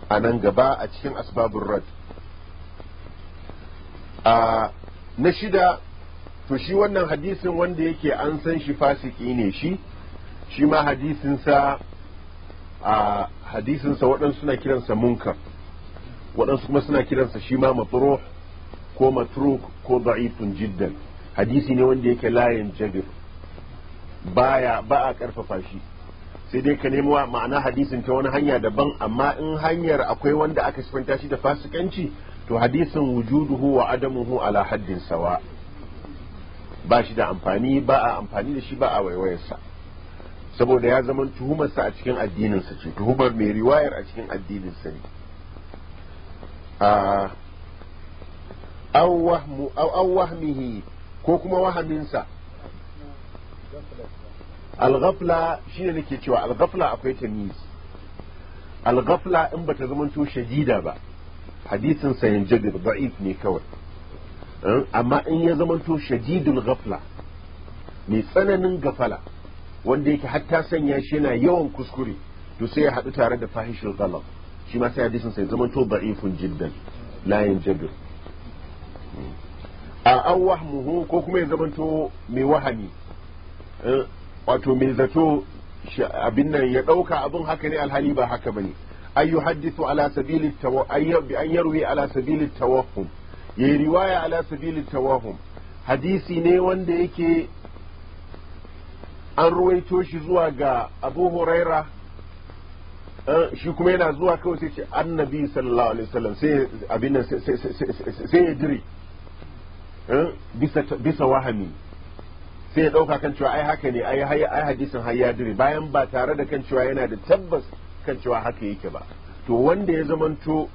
a nan gaba a cikin asbabun rad na shida to shi wannan hadisin wanda yake an san shi fasiki ne shi shi ma hadisinsa a hadisinsa waɗansu suna kiransa munkar waɗansu kuma suna kiransa shi ma ko matruk ko da'ifun jiddan hadisi ne wanda yake layin jabir baya ba a karfafa shi sai dai ka nemo ma'ana hadisin ta wani hanya daban amma in hanyar akwai wanda aka sifanta shi da fasikanci to hadisin wujuduhu wa adamuhu ala haddin sawa ba shi da amfani ba a amfani da shi ba a waiwayarsa saboda ya zama tuhumarsa a cikin addininsa ce tuhumar mai riwayar a cikin addininsa ne ah, aw wahmihi ko kuma wahaminsa al-ghafla shine nake cewa al-ghafla akwai tamyiz al-ghafla in bata to shadida ba hadisin sa yanjabir da'if ne kawai eh, amma in ya zamanto shadidul ghafla mai tsananin gafala wanda yake hatta sanya shi yana yawan kuskure to sai ya haɗu tare da fahishul ghalab shi ma sai hadisin sai zamanto da'ifun jiddan la jabir a an wahmuhu ko kuma ya zamanto mai wahami eh, wato mai zato abin nan ya ɗauka abin haka ne alhali ba haka ba ne an yi haddisu ala sabili an yarwi ala sabilin tawahum ya yi riwaya ala sabilin tawahum hadisi ne wanda yake an ruwaito shi zuwa ga abu huraira eh, shi kuma yana zuwa kawai sai ce annabi sallallahu alaihi wasallam sai abin nan sai ya jiri. Eh, bisa wahami sai ya ɗauka kan cewa ai haka ne ai hadisin har ya dire bayan ba tare da kan cewa yana da tabbas kan cewa haka yake ba to wanda ya zamanto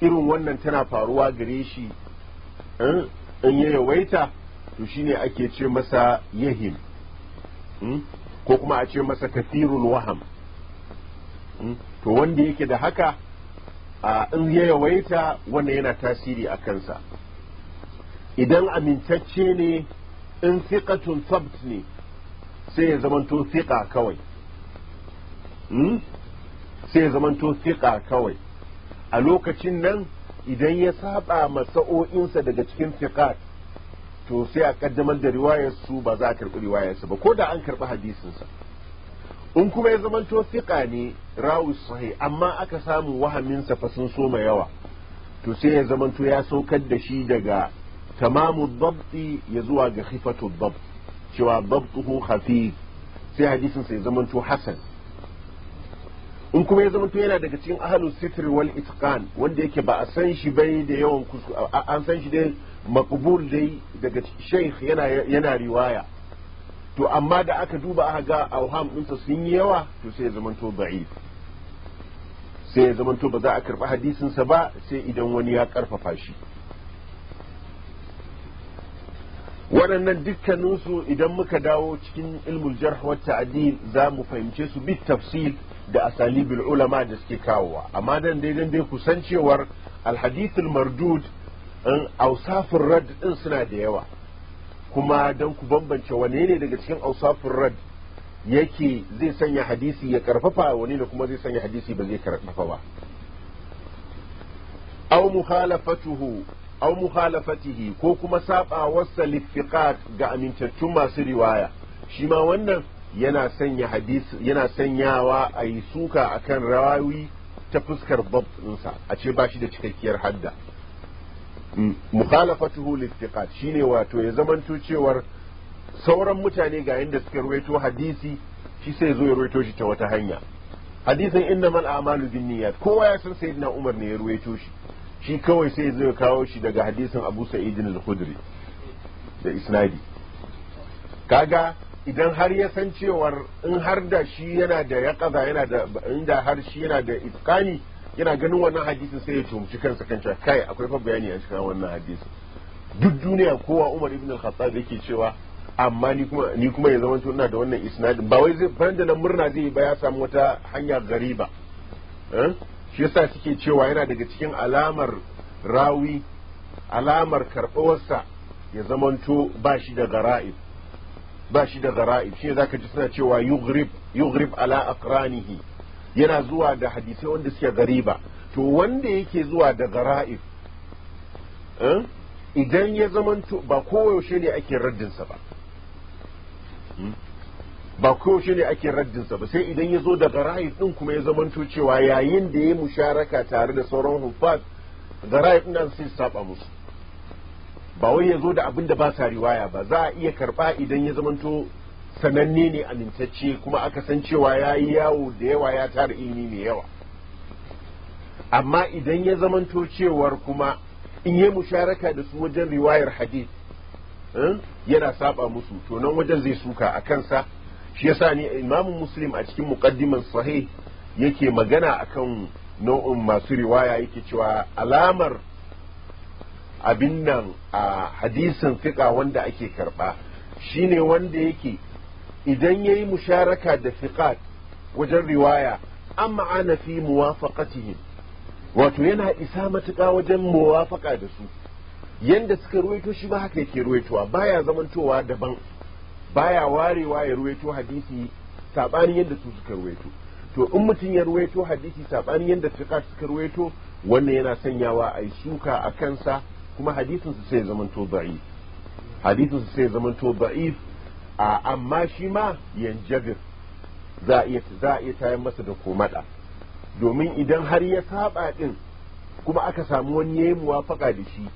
irin wannan tana faruwa gare shi eh, in ya yawaita to shine ake ce masa yahim hmm? ko kuma a ce masa kafirul waham hmm? to wanda yake da haka in ya yawaita wannan yana tasiri a kansa idan amintacce ne in siƙatun sabt ne sai ya zamanto fiƙa kawai hmm? sai ya zamanto fiƙa kawai a lokacin nan idan ya saba masa'o'insa daga cikin fiƙat to sai a ƙaddamar da riwayarsu ba za a karɓi riwayarsu ba ko da an karɓi hadisinsa in kuma ya zamanto fiƙa ne rawu sahi amma aka samu wahaminsa fa sun soma yawa to sai ya zamanto ya saukar da shi daga tamamu dabti ya zuwa ga khifatu dabt cewa dabtuhu khafi sai hadisin sai zamanto hasan in kuma ya zamanto yana daga cikin ahlus sitr wal itqan wanda yake ba a san shi bai da yawan kuskure an san shi dai maqbul daga sheikh yana yana riwaya to amma da aka duba aka ga auham ɗinsa sun yi yawa to sai ya zamanto da'if sai ya zamanto ba za a karɓi hadisinsa ba sai idan wani ya ƙarfafa shi waɗannan dukkaninsu idan muka dawo cikin ilmul jarh wa ta'dil za mu fahimce su bi tafsil da asalibul ulama da suke kawowa amma dan dai dan dai kusancewar alhadithul mardud in awsafur rad din suna da yawa kuma dan ku bambance wane ne daga cikin ausafin rad yake zai sanya hadisi ya karfafa wani ne kuma zai sanya hadisi ba zai karfafa ba aw mukhalafatuhu aw mukhalafatihi ko kuma saba wasa lifiqat ga amintattun masu riwaya shi ma wannan yana sanya hadis yana sanyawa a yi suka akan rawawi ta fuskar bab babinsa a ce ba shi da cikakkiyar hadda mm, mukhalafatuhu lifiqat shine wato ya zamanto cewar sauran mutane ga yadda suka ruwaito hadisi shi sai zo ya ruwaito shi ta wata hanya hadisin mal a'malu binniyat kowa ya san sayyidina Umar ne ya ruwaito shi shi kawai sai zai kawo shi daga hadisin abu sa'idin al-khudri da isnadi kaga idan har ya san cewar in har da shi yana da ya kaza yana da inda har shi yana da iskani yana ganin wannan hadisin sai ya tumci kansa kanta kai akwai fa bayani a cikin wannan hadisin duk duniya kowa Umar ibn al-Khattab yake cewa amma ni kuma ni kuma ya zama ina da wannan isnadi ba wai zai da murna zai ba ya samu wata hanya gariba eh shi yasa suke cewa yana daga cikin alamar rawi alamar karɓuwarsa ya zamanto ba shi da gara'ib ba shi da gara'ib shi za ka ji suna cewa yughrib yughrib ala aqranihi yana zuwa da hadisai wanda suke gariba to wanda yake zuwa da gara'ib eh, idan ya zamanto ba koyaushe ne ake raddinsa ba hmm? ba koyaushe ne ake raddinsa ba sai idan ya zo daga ra'ayi ɗin kuma ya zamanto cewa yayin da ya musharaka tare da sauran hufat da ra'ayi ɗin nan sai saba musu ba wai ya zo da abin da ba sa riwaya ba za a iya karɓa idan ya zamanto sananne ne amintacce kuma aka san cewa ya yi yawo da yawa ya tara ilimi mai yawa amma idan ya zamanto cewar kuma in ya musharaka da su wajen riwayar hadith eh, yana saba musu to nan wajen zai suka a kansa shi yasa ni imamu muslim a cikin muqaddiman sahih yake magana akan nau'in masu riwaya yake cewa alamar abin nan a hadisin fiƙa wanda ake karɓa shine wanda yake idan ya yi musharaka da fiƙa wajen riwaya an ma'ana fi muwafaƙatihim wato yana isa matuƙa wajen muwafaƙa da su yanda suka ruwaito shi ba haka yake ruwaitowa baya zamantowa daban baya warewa ya ruwaito hadisi sabanin yadda su suka ruwaito to in mutum ya ruwaito hadisi sabanin yadda suka suka ruwaito wannan yana sanyawa a yi shuka a kansa kuma hadisin su sai zamanto da'if hadisin su sai ba'if a amma shi ma yanjabir za a iya tayar masa da komada domin idan har ya saba din kuma aka samu wani ya yi muwafaka da shi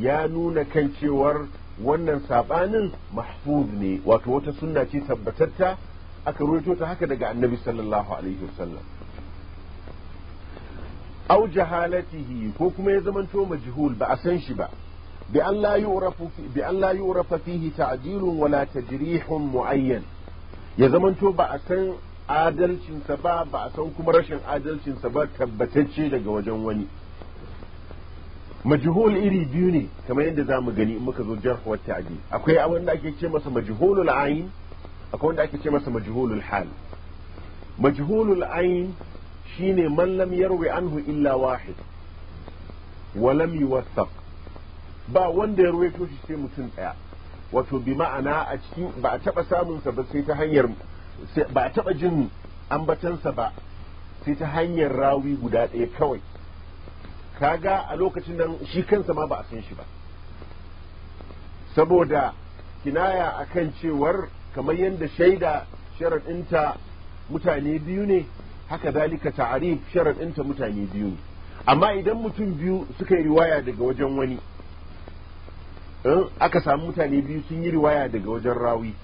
ya nuna kan cewar wannan sabanin mahfuz ne wato wata sunna ce tabbatatta aka ruwaito ta haka daga annabi sallallahu alaihi wasallam aw jahalatihi ko kuma ya zamanto majhul ba a san shi ba bi an la yu'rafu bi an la yu'rafa fihi ta'dilun wala tajrihun muayyan ya zamanto ba a san adalcinsa ba ba a san kuma rashin adalcinsa ba tabbatacce daga wajen wani majhul iri biyu ne kamar yadda za mu gani muka zo jarh wa ta'dil akwai abin da ake ce masa majhulul ayn akwai wanda ake ce masa majhulul hal majhulul ayn shine man lam yarwi anhu illa wahid wa lam yuwathaq ba wanda ya ruwaito shi sai mutum daya wato bi ma'ana a ciki ba a taba samun sa ba sai ta hanyar ba a taba jin sa ba sai ta hanyar rawi guda ɗaya kawai kaga a lokacin nan shi kansa ma ba a san shi ba saboda kinaya akan cewar kamar yadda shaida sharaɗinta mutane biyu ne haka zalika ta'arif sharaɗinta mutane biyu ne amma idan mutum biyu suka yi riwaya daga wajen wani in eh, aka samu mutane biyu sun yi riwaya daga wajen rawi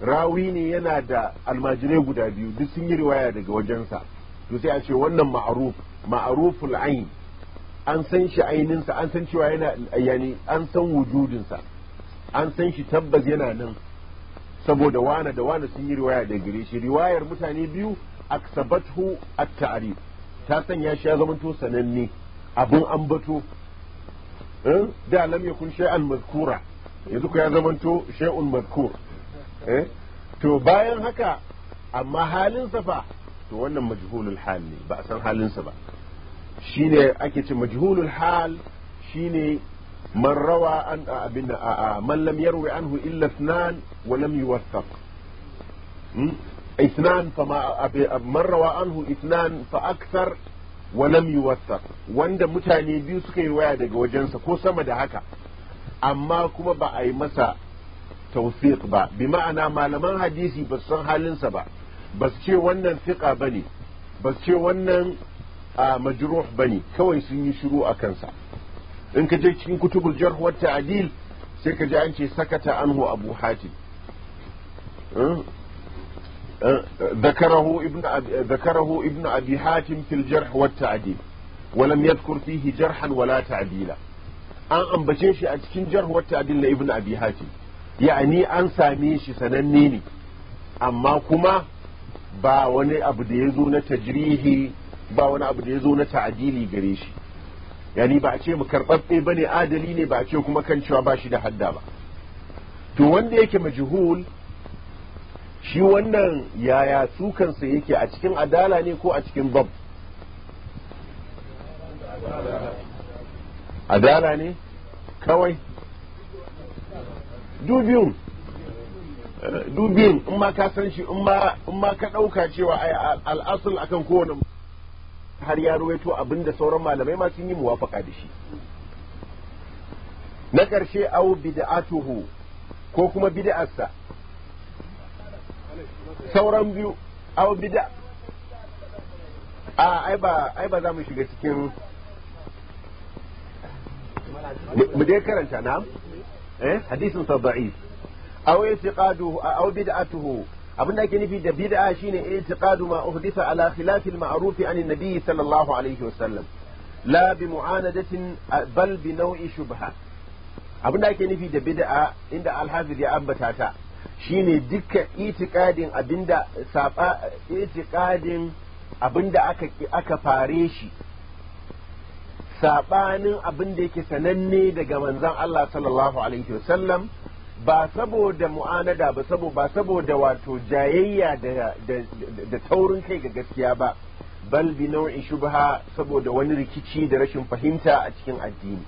rawi ne yana da almajirai guda biyu duk sun yi riwaya daga wajensa to sai a ce wannan ma'aruf ma'aruful ain an san shi ainihinsa an san cewa yana yani an san wujudinsa an san shi tabbas yana nan saboda wane da wane sun yi riwaya da gare shi riwayar mutane biyu aksabathu at-ta'rif ta sanya shi ya zamanto sananne abun ambato eh? da lam yakun shay'an mazkura yanzu ku ya zamanto shay'un mazkur eh to bayan haka amma halin sa to wannan majhulul hal ne ba san halin sa ba ne ake ce majhulul hal shine man rawa an abin man lam an hu illa ithnan wa lam rawa an hu isnan fa aksar wa فاكثر yi wasaf wanda mutane biyu suka yi waya daga wajensa ko sama da haka amma kuma ba a yi masa tawfiq ba bi ma'ana malaman hadisi ba san halinsa ba ba su ce wannan fiqa bane ba su ce wannan a majruh bane kawai sun yi shiru a kansa in ka je cikin kutubul jarh wa ta'dil sai ka ji an ce sakata anhu abu hatim ذكره ابن ذكره ابن ابي حاتم في الجرح والتعديل ولم يذكر فيه جرحا ولا تعديلا an ambace shi a cikin jarhuwar ta'adil na ibn abi hatim ya'ani an same shi sananne ne amma kuma ba wani abu da ya zo na tajrihi ba wani abu da ya zo na ta'adili gare shi yani ba a ce mu karɓaɓɓe ba ne adali ne ba a ce kuma kan cewa ba shi da hadda ba to wanda yake majhul shi wannan yaya sukansa yake a cikin adala ne ko a cikin bab adala ne kawai dubiyun dubiyun in ma ka san shi in ma ka ɗauka cewa al'asul akan kowane har ya ruwaito abinda sauran malamai ma sun yi muwafaka da shi na ƙarshe au bid'atuhu ko kuma bid'arsa sauran biyu au bid'a a ai ba ai ba za mu shiga cikin mu dai karanta na eh hadisin sa da'if aw i'tiqaduhu aw bid'atuhu abin da ake nufi da bid'a shine i'tiqadu ma uhditha ala khilafi al-ma'ruf an an-nabi sallallahu alaihi wasallam la bi mu'anadatin bal bi naw'i shubha abin da ake nufi da bid'a inda al-hafiz ya ambata ta shine dukkan itiqadin abinda saba itiqadin abinda aka aka fare shi sabanin da yake sananne daga manzon Allah sallallahu alaihi wasallam ba saboda mu'anada ba saboda ba saboda wato jayayya da taurin kai ga gaskiya ba bal bi nau'in shubha saboda wani rikici da rashin fahimta a cikin addini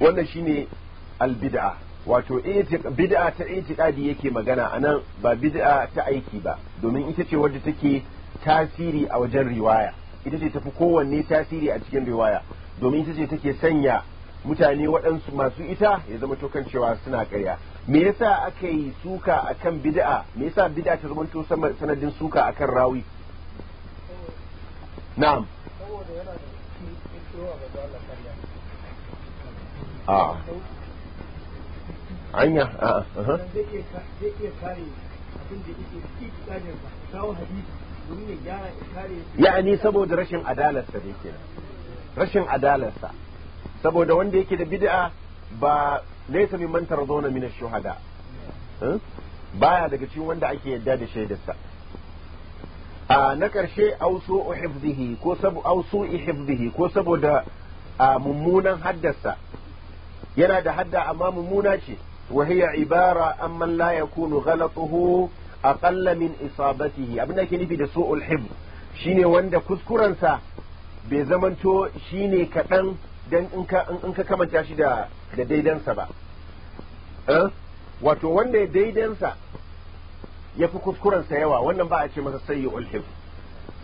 wannan shine albid'a wato bid'a ta itiqadi yake magana anan ba bid'a ta aiki ba domin ita ce wadda take tasiri a wajen riwaya ita ce tafi kowanne tasiri a cikin riwaya domin ita ce take sanya mutane waɗansu masu ita ya zama tokan cewa suna ƙarya me yasa aka yi suka akan bid'a me yasa bid'a ta zama sanadin suka akan rawi na'am a ah. anya ah, ah, uh-huh. a ya'ani saboda rashin adalarsa ne kenan rashin adalarsa saboda wanda yake da bid'a ba laysa min man tarzuna min ash-shuhada baya daga cikin wanda ake yadda da shaidarsa a na karshe ausu hifzihi ko sabu ausu hifzihi ko saboda mummunan haddarsa yana da hadda amma mummuna ce wa hiya ibara amman la yakunu ghalatuhu aqalla min isabatihi abin da nufi da su'ul hifz shine wanda kuskurensa bai zamanto shine kaɗan dan in ka in ka kamanta shi da da daidansa ba eh? wato wanda ya daidansa ya fi kuskurensa yawa wannan ba a ce masa sayyi ulhib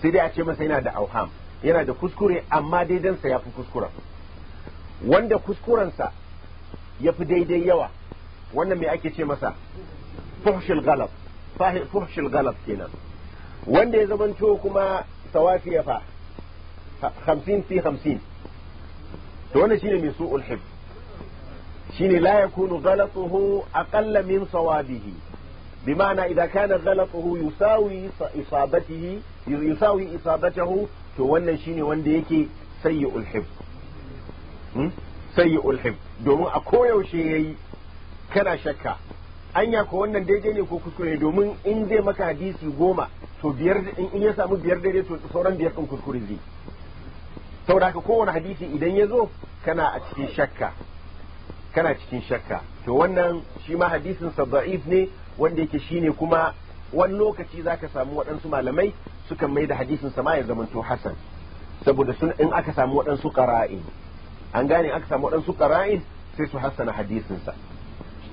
sai dai a ce masa yana da auham yana da kuskure amma daidansa ya fi kuskuren wanda kuskurensa ya fi daidai yawa wannan mai ake ce masa fuhshil galab fuhshil galab kenan wanda ya zamanto kuma ya fa 50 fi 50 to wannan shine mai su'ul hib shine la yakunu ghalatuhu aqalla min sawabihi بمعنى إذا كان غلطه يساوي إصابته يساوي إصابته تولى شيني وانديك سيء الحب سيء الحب domin a koyaushe yayi kana shakka ya ko wannan daidai ne ko kuskure domin in zai maka hadisi goma to biyar in ya samu biyar daidai to sauran biyar din kuskure zai saboda haka kowane hadisi idan ya zo kana a cikin shakka kana cikin shakka to wannan shi ma hadisin sa da'if ne wanda yake shine kuma wani lokaci zaka samu waɗansu malamai sukan mai da hadisin sa ma ya to hasan saboda sun in aka samu waɗansu qara'in an gane aka samu waɗansu qara'in sai su hassana hadisin sa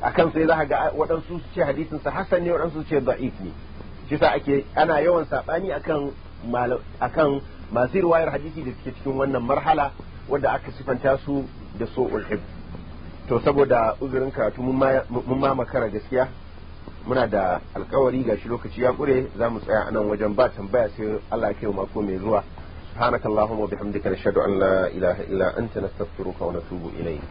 akan sai za ga waɗansu su ce hadisin sa hasan ne waɗansu su ce da'if ne shi sa ake ana yawan sabani akan akan masu riwayar hadisi da suke cikin wannan marhala wadda aka sifanta su da so hib to saboda uzurin karatu mun ma makara gaskiya muna da alkawari ga shi lokaci ya kure za mu tsaya anan wajen ba tambaya sai Allah ya kai mako mai zuwa subhanakallahumma wa bihamdika nashhadu an la ilaha illa anta nastaghfiruka wa natubu ilayk